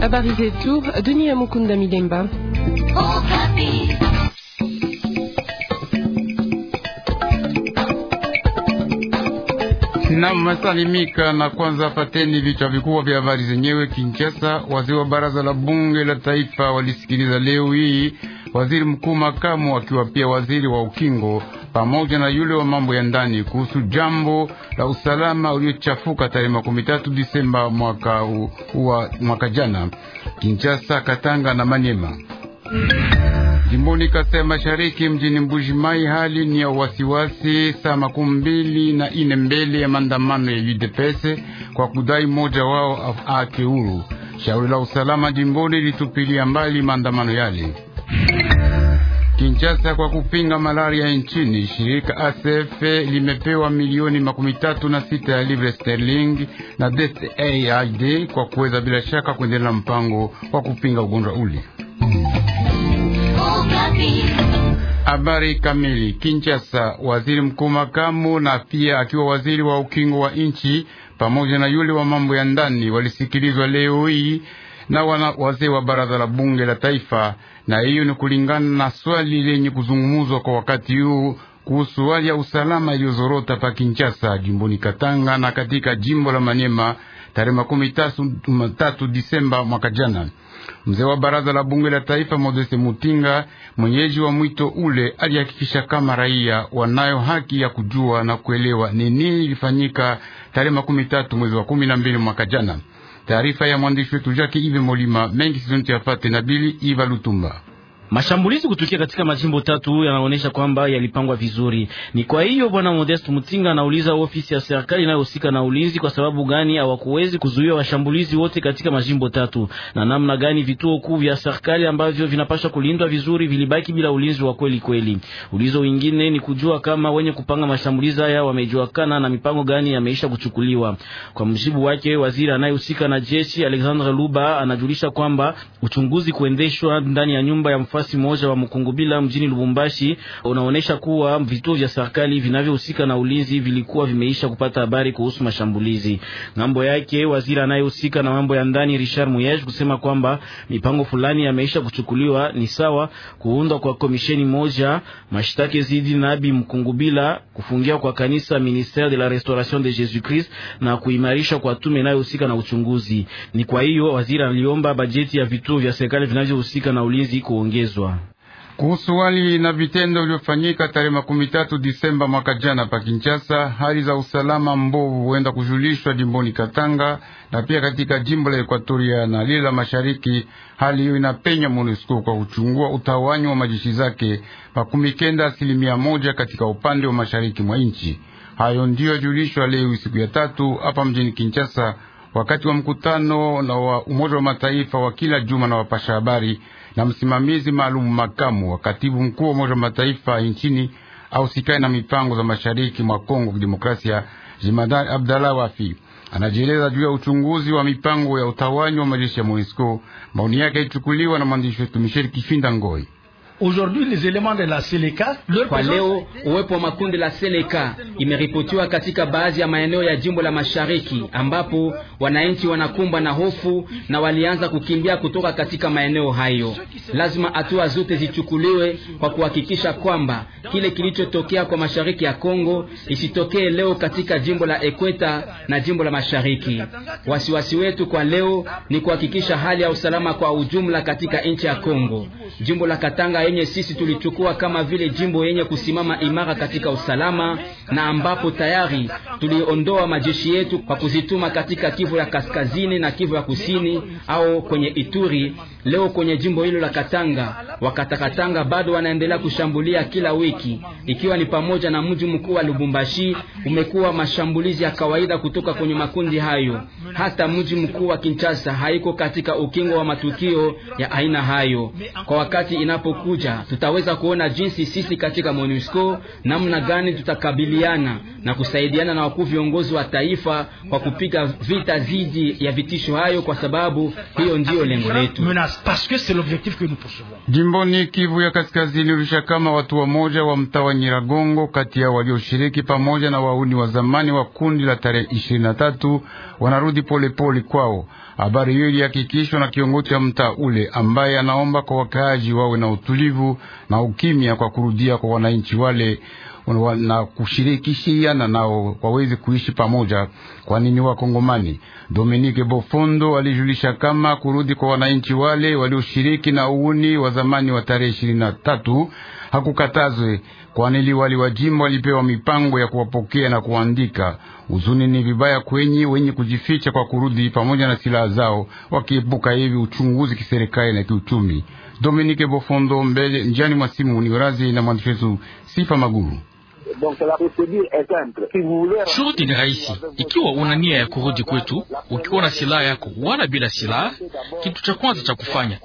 Habari zetu Denis Amukunda Milemba. Na masalimika na kwanza, fateni vichwa vikubwa vya habari zenyewe. Kinshasa, wazee wa baraza la bunge la taifa walisikiliza leo hii waziri mkuu makamu, akiwa pia waziri wa ukingo pamoja na yule wa mambo ya ndani kuhusu jambo la usalama uliochafuka tarehe makumi tatu Disemba mwaka, u, mwaka jana Kinshasa, Katanga na Manyema. Jimboni Kasai Mashariki, mjini Mbujimai, hali ni ya wasiwasi saa makumi mbili na ine mbele ya maandamano ya UDPS kwa kudai mmoja wao aake huru. Shauri la usalama jimboni litupilia mbali maandamano yale. Kinshasa kwa kupinga malaria nchini. Shirika ASF limepewa milioni makumi tatu na sita ya livre sterling na DCAID kwa kuweza bila shaka kuendelea na mpango wa kupinga ugonjwa ule. Habari kamili. Kinshasa, waziri mkuu makamu na pia akiwa waziri wa ukingo wa nchi pamoja na yule wa mambo ya ndani walisikilizwa leo hii na wana wazee wa baraza la bunge la taifa, na hiyo ni kulingana na swali lenye kuzungumuzwa kwa wakati huu kuhusu hali ya usalama iliyozorota pa Kinshasa, jimboni Katanga na katika jimbo la Manyema tarehe makumi tatu Disemba mwaka jana. Mzee wa baraza la bunge la taifa Modeste Mutinga, mwenyeji wa mwito ule, alihakikisha kama raia wanayo haki ya kujua na kuelewa ni nini ilifanyika tarehe makumi tatu mwezi wa kumi na mbili mwaka jana. Taarifa ya mwandishi wetu Jacques Ive Molima mengi sizoni tuyapate na Bili Iva Lutumba. Mashambulizi kutukia katika majimbo tatu yanaonyesha kwamba yalipangwa vizuri. Ni kwa hiyo bwana Modest Mutinga anauliza ofisi ya serikali inayohusika na ulinzi, kwa sababu gani hawakuwezi kuzuia washambulizi wote katika majimbo tatu, na namna gani vituo kuu vya serikali ambavyo vinapaswa kulindwa vizuri vilibaki bila ulinzi wa kweli kweli. Ulizo wingine ni kujua kama wenye kupanga mashambulizi haya wamejuakana na mipango gani yameisha kuchukuliwa. Kwa mjibu wake, waziri anayehusika na jeshi Alexandre Luba anajulisha kwamba uchunguzi kuendeshwa ndani ya nyumba ya mfano nafasi moja wa mkungu bila mjini Lubumbashi unaonyesha kuwa vituo vya serikali vinavyohusika na ulinzi vilikuwa vimeisha kupata habari kuhusu mashambulizi. Ngambo yake waziri anayehusika na mambo ya ndani Richard Muyej kusema kwamba mipango fulani yameisha kuchukuliwa, ni sawa kuundwa kwa komisheni moja, mashtaki zidi nabi mkungu bila kufungia kwa kanisa Ministere de la Restauration de Jesus Christ na kuimarisha kwa tume inayohusika na uchunguzi. Ni kwa hiyo waziri aliomba bajeti ya vituo vya serikali vinavyohusika na ulinzi kuongezwa kuelezwa kuhusu hali na vitendo vilivyofanyika tarehe makumi tatu Disemba mwaka jana pa Kinshasa. Hali za usalama mbovu huenda kujulishwa jimboni Katanga na pia katika jimbo la Ekuatoria na lile la Mashariki. Hali hiyo inapenya MONUSCO kwa kuchungua utawanyi wa majeshi zake makumi kenda asilimia moja katika upande wa mashariki mwa nchi. Hayo ndiyo yajulishwa leo siku ya tatu hapa mjini Kinshasa wakati wa mkutano na wa Umoja wa Mataifa wa kila juma na wapasha habari na msimamizi maalumu makamu wa katibu mkuu wa Umoja wa Mataifa nchini sikai na mipango za mashariki mwa Kongo Kidemokrasia, Jemadari Abdallah Wafi anajieleza juu ya uchunguzi wa mipango ya utawanyi wa majeshi ya MONUSCO. Maoni yake yalichukuliwa na mwandishi wetu Michel Kifinda Ngoi. Aujourd'hui les éléments de la Seleka kwa leo, uwepo wa makundi la Seleka imeripotiwa katika baadhi ya maeneo ya jimbo la Mashariki, ambapo wananchi wanakumbwa na hofu na walianza kukimbia kutoka katika maeneo hayo. Lazima hatua zote zichukuliwe kwa kuhakikisha kwamba kile kilichotokea kwa mashariki ya Kongo isitokee leo katika jimbo la Ekweta na jimbo la Mashariki. Wasiwasi wetu kwa leo ni kuhakikisha hali ya usalama kwa ujumla katika nchi ya Kongo. Jimbo la Katanga yenye sisi tulichukua kama vile jimbo yenye kusimama imara katika usalama na ambapo tayari tuliondoa majeshi yetu kwa kuzituma katika Kivu ya kaskazini na Kivu ya kusini au kwenye Ituri. Leo kwenye jimbo hilo la Katanga, wakatakatanga bado wanaendelea kushambulia kila wiki, ikiwa ni pamoja na mji mkuu wa Lubumbashi. Umekuwa mashambulizi ya kawaida kutoka kwenye makundi hayo. Hata mji mkuu wa Kinshasa haiko katika ukingo wa matukio ya aina hayo kwa wakati inapokuja kuja tutaweza kuona jinsi sisi katika MONUSCO namna gani tutakabiliana na kusaidiana na wakuu viongozi wa taifa kwa kupiga vita dhidi ya vitisho hayo, kwa sababu hiyo ndiyo lengo letu. Jimboni Kivu ya Kaskazini, kama watu wa moja wa mtaa wa Nyiragongo kati yao walioshiriki pamoja na wauni wa zamani wa kundi la tarehe 23 wanarudi polepole pole kwao. Habari hiyo ilihakikishwa na kiongozi wa mtaa ule ambaye anaomba kwa wakaaji wawe na utulivu na ukimya kwa kurudia kwa wananchi wale na kushirikishiana nao waweze kuishi pamoja, kwani ni Wakongomani. Dominique Bofondo alijulisha kama kurudi kwa wananchi wale walioshiriki na uuni wa zamani wa tarehe ishirini na tatu hakukatazwe kwani liwali wa jimbo alipewa mipango ya kuwapokea na kuandika. Huzuni ni vibaya kwenye wenye kujificha kwa kurudi pamoja na silaha zao, wakiepuka hivi uchunguzi kiserikali na kiuchumi. Dominike Bofondo mbele njiani mwa simu ni urazi na mwandishi wetu Sifa Maguru. Shuruti ni rahisi. Ikiwa una nia ya kurudi kwetu, ukiwa na silaha yako wala bila silaha, kitu cha kwanza cha kufanya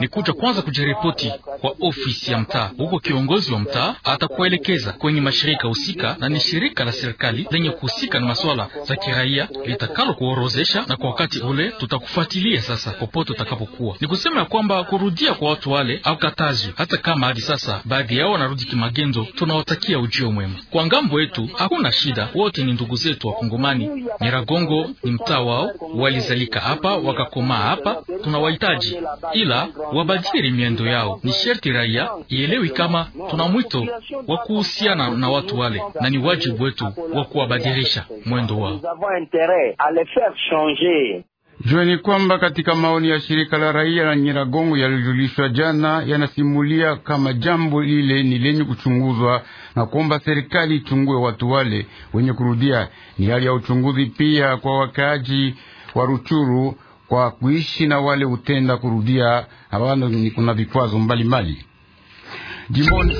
ni kuja kwanza kujiripoti kwa ofisi ya mtaa. Huko kiongozi wa mtaa atakuelekeza kwenye mashirika husika, na ni shirika la serikali lenye kuhusika na masuala za kiraia litakalo kuorozesha, na kwa wakati ule tutakufuatilia sasa popote utakapokuwa. Ni kusema ya kwamba kurudia kwa watu wale au katazi, hata kama hadi sasa baadhi yao wanarudi kimagendo, tunawatakia ujio mwema mwema. Kwa ngambo yetu hakuna shida, wote ni ndugu zetu wa Kongomani. Nyiragongo ni mtaa wao, walizalika hapa wakakomaa hapa, tunawahitaji ila wabadili miendo yao. Ni sherti raia ielewi kama tuna mwito wa kuhusiana na watu wale, na ni wajibu wetu wa kuwabadilisha mwendo wao. Jueni kwamba katika maoni ya shirika la raia la Nyiragongo yaliyojulishwa jana yanasimulia kama jambo lile ni lenye kuchunguzwa na kuomba serikali ichungue watu wale wenye kurudia. Ni hali ya uchunguzi pia kwa wakaaji wa Ruchuru kwa kuishi na wale utenda kurudia ni kuna vikwazo mbalimbali jimboni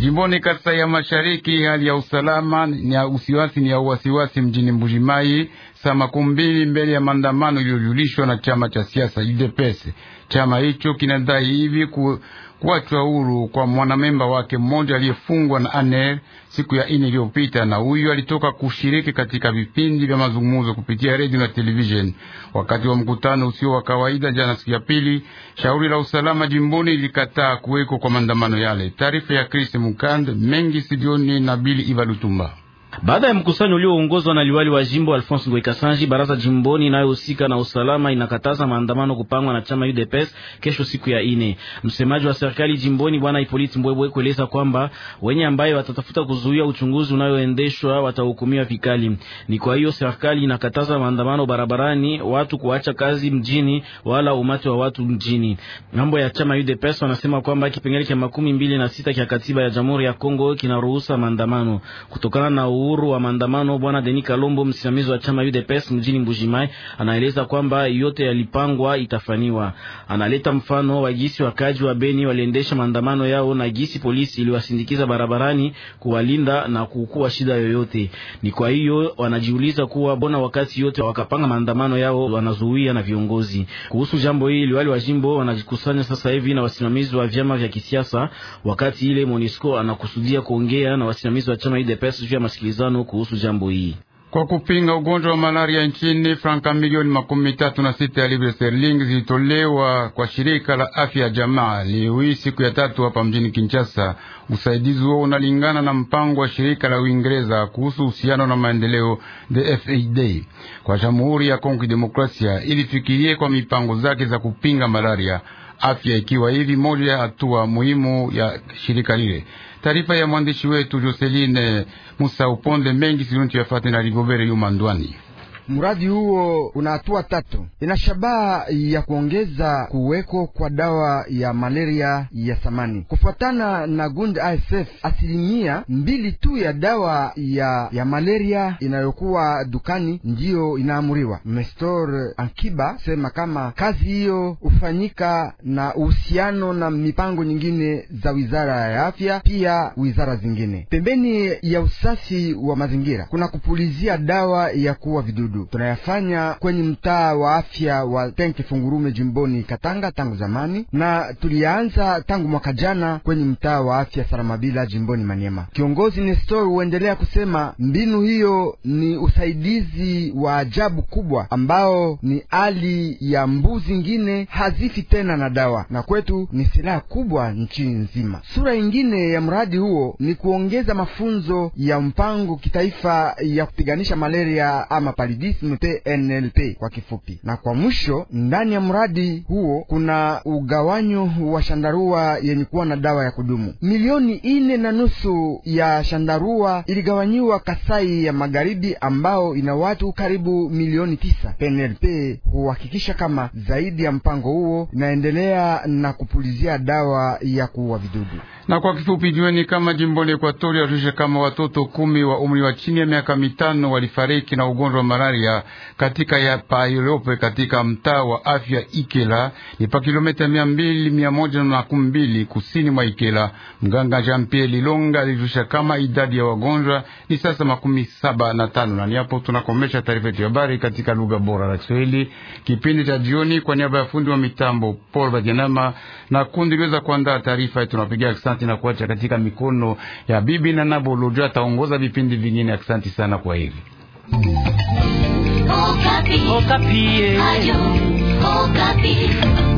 Jimboni Kasai ya Mashariki, hali ya usalama ni ya usiwasi ni ya wasiwasi mjini Mbujimai saa makumi mbili mbele ya maandamano iliyojulishwa na chama cha siasa UDPS. Chama hicho kinadai hivi ku, kuachwa huru kwa mwanamemba wake mmoja aliyefungwa na ANEL siku ya ine iliyopita, na uyu alitoka kushiriki katika vipindi vya mazungumzo kupitia redio na televisheni wakati wa mkutano usio wa kawaida jana, siku ya pili. Shauri la usalama jimboni lilikataa kuweko kwa maandamano yale. Taarifa ya Chris Mukand mengi sidioni na Bili Ivalutumba. Baada ya mkusanyo ulioongozwa na liwali wa jimbo Alphonse Ngoikasanji, baraza jimboni inayohusika na usalama inakataza maandamano kupangwa na chama UDPS kesho siku ya ine. Msemaji wa serikali jimboni bwana Ipoliti Mbwebwe kueleza kwamba wenye ambaye watatafuta kuzuia uchunguzi unayoendeshwa watahukumiwa vikali. Ni kwa hiyo serikali inakataza maandamano barabarani, watu kuacha kazi mjini, wala umati wa watu mjini. Mambo ya chama UDPS wanasema kwamba kipengele cha makumi mbili na sita kya katiba ya Jamhuri ya Kongo kinaruhusa maandamano kutokana na u uhuru wa maandamano, bwana Denis Kalombo, msimamizi wa chama UDPS mjini Mbujimai, anaeleza kwamba yote yalipangwa itafaniwa. Analeta mfano wa gisi wakaji wa Beni waliendesha maandamano yao na gisi polisi iliwasindikiza barabarani kuwalinda na kukuwa shida yoyote. Ni kwa hiyo wanajiuliza kuwa bona wakati yote wakapanga maandamano yao wanazuia na viongozi. Kuhusu jambo hili, liwali wa jimbo wanajikusanya sasa hivi na wasimamizi wa vyama vya kisiasa, wakati ile Monisco anakusudia kuongea na wasimamizi wa chama UDPS juu ya masikilizo mawazano kuhusu jambo hii kwa kupinga ugonjwa wa malaria nchini. Franka milioni makumi tatu na sita ya livre sterling zilitolewa kwa shirika la afya ya jamaa liwi siku ya tatu hapa mjini Kinshasa. Usaidizi huo unalingana na mpango wa shirika la Uingereza kuhusu uhusiano na maendeleo fad kwa jamhuri ya Kongo ili ilifikirie kwa mipango zake za kupinga malaria afya, ikiwa hivi moja ya hatua muhimu ya shirika lile. Taarifa ya mwandishi wetu Joseline Musa Uponde mengi silontu yafate na Rigobere yumandwani Mradi huo una hatua tatu, ina shabaha ya kuongeza kuweko kwa dawa ya malaria ya thamani. Kufuatana na gund ASF, asilimia mbili tu ya dawa ya, ya malaria inayokuwa dukani ndiyo inaamuriwa. Mestor Ankiba sema kama kazi hiyo hufanyika na uhusiano na mipango nyingine za wizara ya afya, pia wizara zingine. Pembeni ya usafi wa mazingira kuna kupulizia dawa ya kuua vidudu. Bududu tunayafanya kwenye mtaa wa afya wa Tenke Fungurume jimboni Katanga tangu zamani, na tulianza tangu mwaka jana kwenye mtaa wa afya Saramabila jimboni Maniema. Kiongozi Nestor huendelea kusema mbinu hiyo ni usaidizi wa ajabu kubwa, ambao ni hali ya mbu zingine hazifi tena na dawa, na kwetu ni silaha kubwa nchi nzima. Sura ingine ya mradi huo ni kuongeza mafunzo ya mpango kitaifa ya kupiganisha malaria ama palidi nationalisme PNLP kwa kifupi. Na kwa mwisho, ndani ya mradi huo kuna ugawanyo wa shandarua yenye kuwa na dawa ya kudumu. Milioni ine na nusu ya shandarua iligawanyiwa Kasai ya Magharibi, ambao ina watu karibu milioni tisa. PNLP huhakikisha kama zaidi ya mpango huo inaendelea na kupulizia dawa ya kuua vidudu. Na kwa kifupi jueni kama jimboni Ekuatoria juishe kama watoto kumi wa umri wa chini ya miaka mitano walifariki na ugonjwa wa malaria katika ya Pairope katika mtaa wa afya Ikela, ni pa kilomita mia mbili mia moja na kumi mbili kusini mwa Ikela. Mganga Jean Pierre Lilonga alijulisha kama idadi ya wagonjwa ni sasa makumi saba na tano. Na hapo tunakomesha taarifa yetu ya habari katika lugha bora la Kiswahili kipindi cha jioni. Kwa niaba ya fundi wa mitambo Paul Bajanama na kundi liweza kuandaa taarifa yetu, tunapigia asante asante na kuacha katika mikono ya bibi na Nabolojo ataongoza vipindi vingine. Asante sana kwa hivi Okapi. Okapi. Eh.